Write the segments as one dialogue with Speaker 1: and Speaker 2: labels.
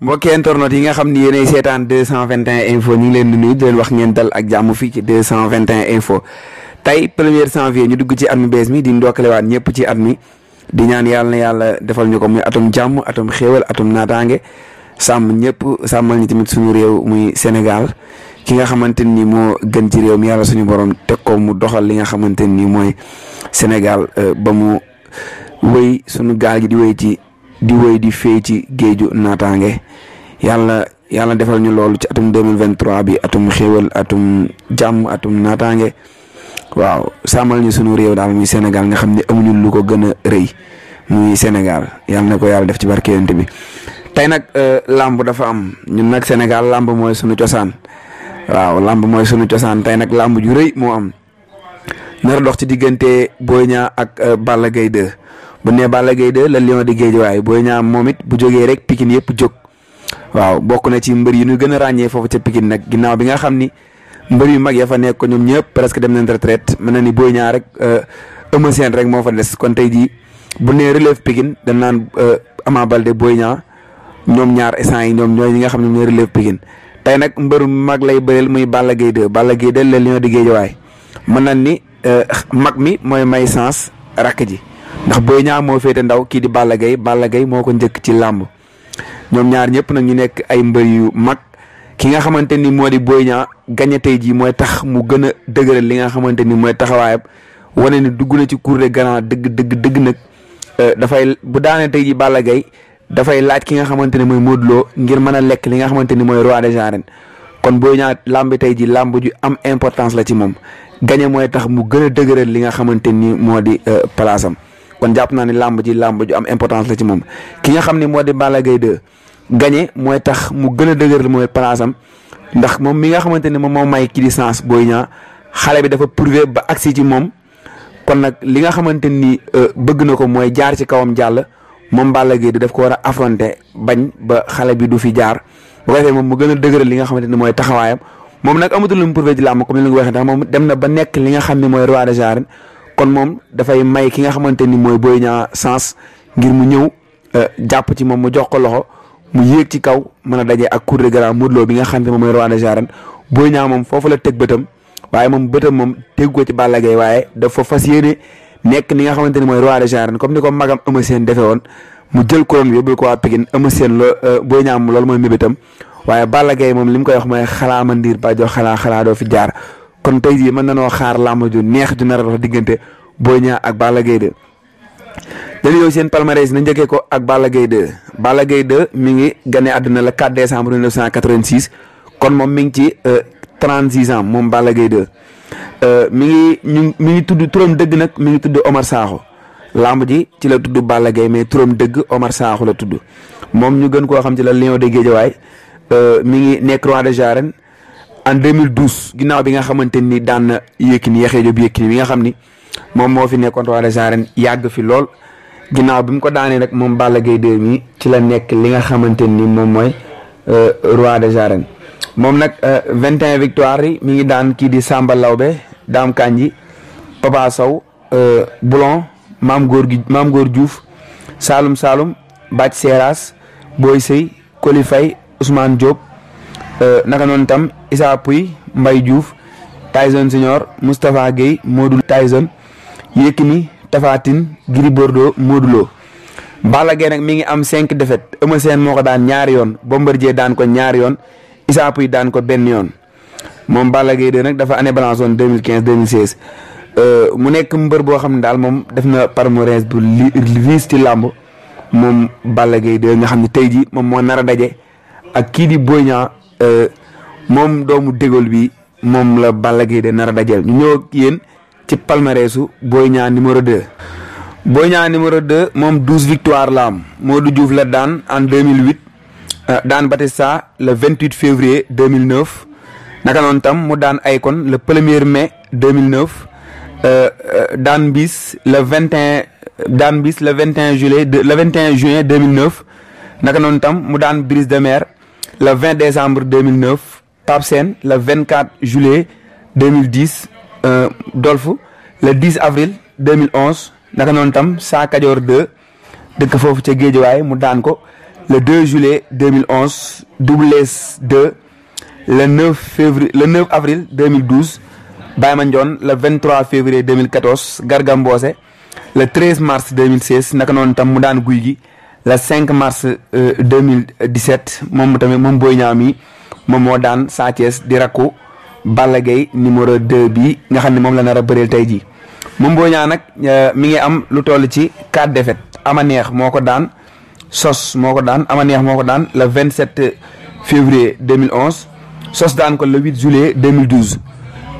Speaker 1: mbokki internet yi nga xam ni yéenay seetaan 221 info ñu ngi leen di nuyu di leen wax ngeen dal ak jàmm fii ci 221 info tey premier janvier ñu dugg ci at mu bees mi di ndokkalewaat ñëpp ci at mi di ñaan yàlla na yàlla defal ñu ko muy atum jàmm atum xéewal atum naataange sàmm ñëpp sàmmal ñi tamit suñu réew muy Sénégal ki nga xamante ni moo gën ci réew mi yàlla suñu borom teg ko mu doxal li nga xamante ni mooy Sénégal euh, ba mu wéy suñu gaal gi di wéy ci di wéy di féey ci géeju naataange yàlla yàlla defal ñu loolu ci atum 2023 bi atum xéwal atum jàmm atum naataange waaw sàmmal ñu sunu réew daal muy Sénégal nga xam ne amuñu lu ko gën a rëy muy Sénégal yàlla na ko yàlla def ci barke bi tey nag euh, làmb dafa am ñu nag Sénégal làmb mooy sunu cosaan waaw làmb mooy sunu cosaan tey nag làmb ju rëy moo am nar dox ci diggante Boy Niang ak euh, Balla Gaye bu ne Balla gay de la lion de Guédiawaye way Niang moom momit bu joge rek Pikine yep jog waaw bokku na ci mbeur yi ñu gëna a fofu ci Pikine nak ginaaw bi nga xamni mbeur yu mag ya fa nekk ko ñoom presque dem na retraite mën ni Boy Niang rek euh euma sen rek mo fa dess kon tay ji bu ne relève Pikine dañ nan euh Ama balde Boy Niang ñom ñaar essant yi ñoom ñooy ñi nga xamni ñoy relève Pikine tey nag mbër mag lay beurel muy Balla gay de Balla gay de la lion de Guédiawaye way na ni euh mag mi moy may sens rakk ji ndax booy Niang moo féete ndaw kii di Balla gay Balla Gaye moo ko njëkk ci làmb ñoom ñaar ñëpp nag ñu nekk ay mbër yu mag ki nga xamante ni moo di Boy Niang gañe tey jii mooy tax mu gën a dëgëral li nga xamante ni mooy taxawaayam wane ni dugg na ci cour des grands dëgg dëgg dëgg nag euh, dafay bu daane tey jii gay dafay laaj ki nga xamante ne mooy Modou ngir mën a lekk li nga xamante ni mooy roi des arènes kon Boy Niang làmb tey ji làmb ju am importance la ci moom gañe mooy tax mu gën a dëgëral li nga xamante ni moo di euh, palaasam kon jàpp naa ni làmb ji làmb ju am importance la ci moom ki nga xam ne mooy di Balla Gaye 2 gagné mooy tax mu gën a dëgër mooy place ndax moom mi nga xamante ne moom moo may ki licence Boy Niang bi dafa prouvé ba agsi ci moom kon nag li nga xamante ni euh, bëgg na ko mooy jaar ci kawam jàll moom Balla Gaye 2 daf ko war a affronté bañ ba xale bi du fi jaar bu ko defee moom mu gën a dëgëral li nga xamante mooy taxawaayam moom nag amatul mu prouvé ci làmb dem na ba nekk li nga xam ni mooy roi des arènes kon moom dafay may ki nga xamante ni mooy booy Niang sens ngir mu ñëw euh, jàpp ci moom mu jox ko loxo mu yéeg ci kaw mën a daje ak coup de grand Modou bi nga xam ne moom mooy roi des arènes Boy moom foofu la teg bëtam waaye moom bëtam moom tegu ko ci Balla Gaye waaye dafa fas nekk ni nga xamante ni mooy roi des comme ni ko magam Eumeu Sène defee woon mu jël couronne bi ko waa Pikine Eumeu Sène loo euh, Boy Niang loolu mooy waaye Balla Gaye moom li mu koy wax mooy xalaa ma ndiir ba xalaa xalaa doo fi jaar kon tey jii mën nañoo xaar làmb ju neex ju nar diggante Boy ñaa ak Balla Gaye 2 dañu yow seen palmarès na njëkkee ko ak Balla Gaye 2 Balla Gaye 2 mi ngi gane àdduna le 4 décembre 1986 kon moom mi ngi ci 36 euh, ans moom Balla Gaye 2 euh, mi ngi ñu mi ngi tudd turam dëgg nag mi ngi tudd Omar Sakho làmb ji ci la tudd Balla gay mais turam dëgg Omar Sakho la tudd moom ñu gën koo xam ci la Lion de Guédiawaye euh, mi ngi nekk roi des arènes en 2012 ginaaw bi nga xamanteni dan daan na Yékini Yaxya Jóob Yékini mi nga xamni mom mo fi nekkon roi des arènes fi lol ginaaw bi mu ko daanee nak mom Balla Gaye mi ci la nekk li nga xamanteni mom moy euh, roi des arènes mom nak 21 euh, victoire mi ngi daan ki di Samba Lawbe dam kanji Papa Sow euh, Boulon mam gor gui mam gor Diouf salum salum Bac Seras Boy Sey kolifay Ousmane Diop naka non tam Isa Puy, Mbaye Diouf Tyson Senior Mustafa Gueye modul Tyson Yekini Tafatin Giri Bordo, Bordeaux Modou Lo Balla am 5 défaites Eumeu Sen moko daan ñaar yoon Bombardier daan ko ñaar yoon Isa Puy daan ko ben yoon Mom Balla Gaye de nak dafa année balance woon 2015 2016 euh, mu nek mbeur bo xamni dal mom def na palmarès bu li viis Mom làmb moom Balla Gaye de nga xamni tay ji mom mo nara dajé a ak ki di Boyna euh mom doomu dégol bi mom la balagé de nara a dajeel ñu ñëw ak ci palmarèsu Boy numéro 2. Boy numéro 2 mom 12 victoires la am Modou la en 2008 Dan batessa le 28 février 2009 naka non tam mu daan icon le 1er mai 2009 Dan bis le 21 daan bis le 21 juillet le 21 juin 2009 naka non tam mu daan Brise de Mer le 20 décembre 2009 le 24 juillet 2010 euh, Dolfo le 10 avril 2011 naka tam 2 le 2 juillet 2011 Double 2 le 9 le 9 avril 2012 Baymanjon le 23 février 2014 Gargamboise le 13 mars 2016 tam le 5 mars 2017 euh, mom moom moo daan Sa Thiès di rakku Balla numéro 2 bi nga xam ne moom la nar a bëreel tey jii moom nag euh, mi ngi am lu toll ci 4 défaites ama neex moo ko daan sos moo ko daan ama neex moo ko daan le 27 février 2011 sos daan ko le 8 juillet 2012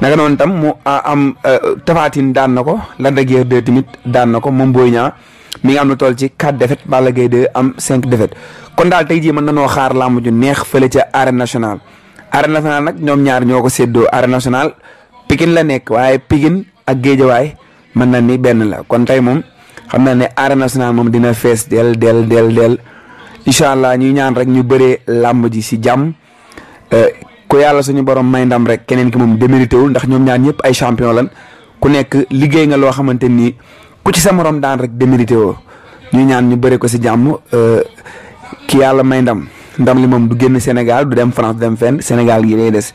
Speaker 1: naka noonu tam mu am euh, tafaatin daan na ko Lac de Guiers 2 tamit daan na ko moom booy mi nga am lu toll ci 4 défaite Balla gay de am 5 défaite kon dal tay ji man nañu xaar làmb ju neex feulé ci arène nationale arène nationale nak ñom ñaar ñoko seddo arène nationale Pikine la nekk waye Pikine ak way man na ni ben la kon tay mom xam na né arène nationale mom dina fess del del del del inshallah allah ñuy ñaan rek ñu bëree lamb ji jam euh ku yalla suñu borom may ndam rek keneen ki mom démérité wul ndax ñom ñaar ñëpp ay champion lan ku nekk liggéey nga lo xamanteni ni ku ci sa morom daan rek démérité woo ñu ñaan ñu bëri ko si jàmm euh, ki yàlla may ndam ndam li moom du génn Sénégal du dem France dem fenn Sénégal gi lay des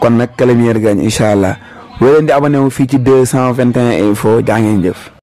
Speaker 1: kon nag que le meilleur gagne incha allah wéy leen di abonné wu fii ci deux cent vingt et jaa ngeen jëf.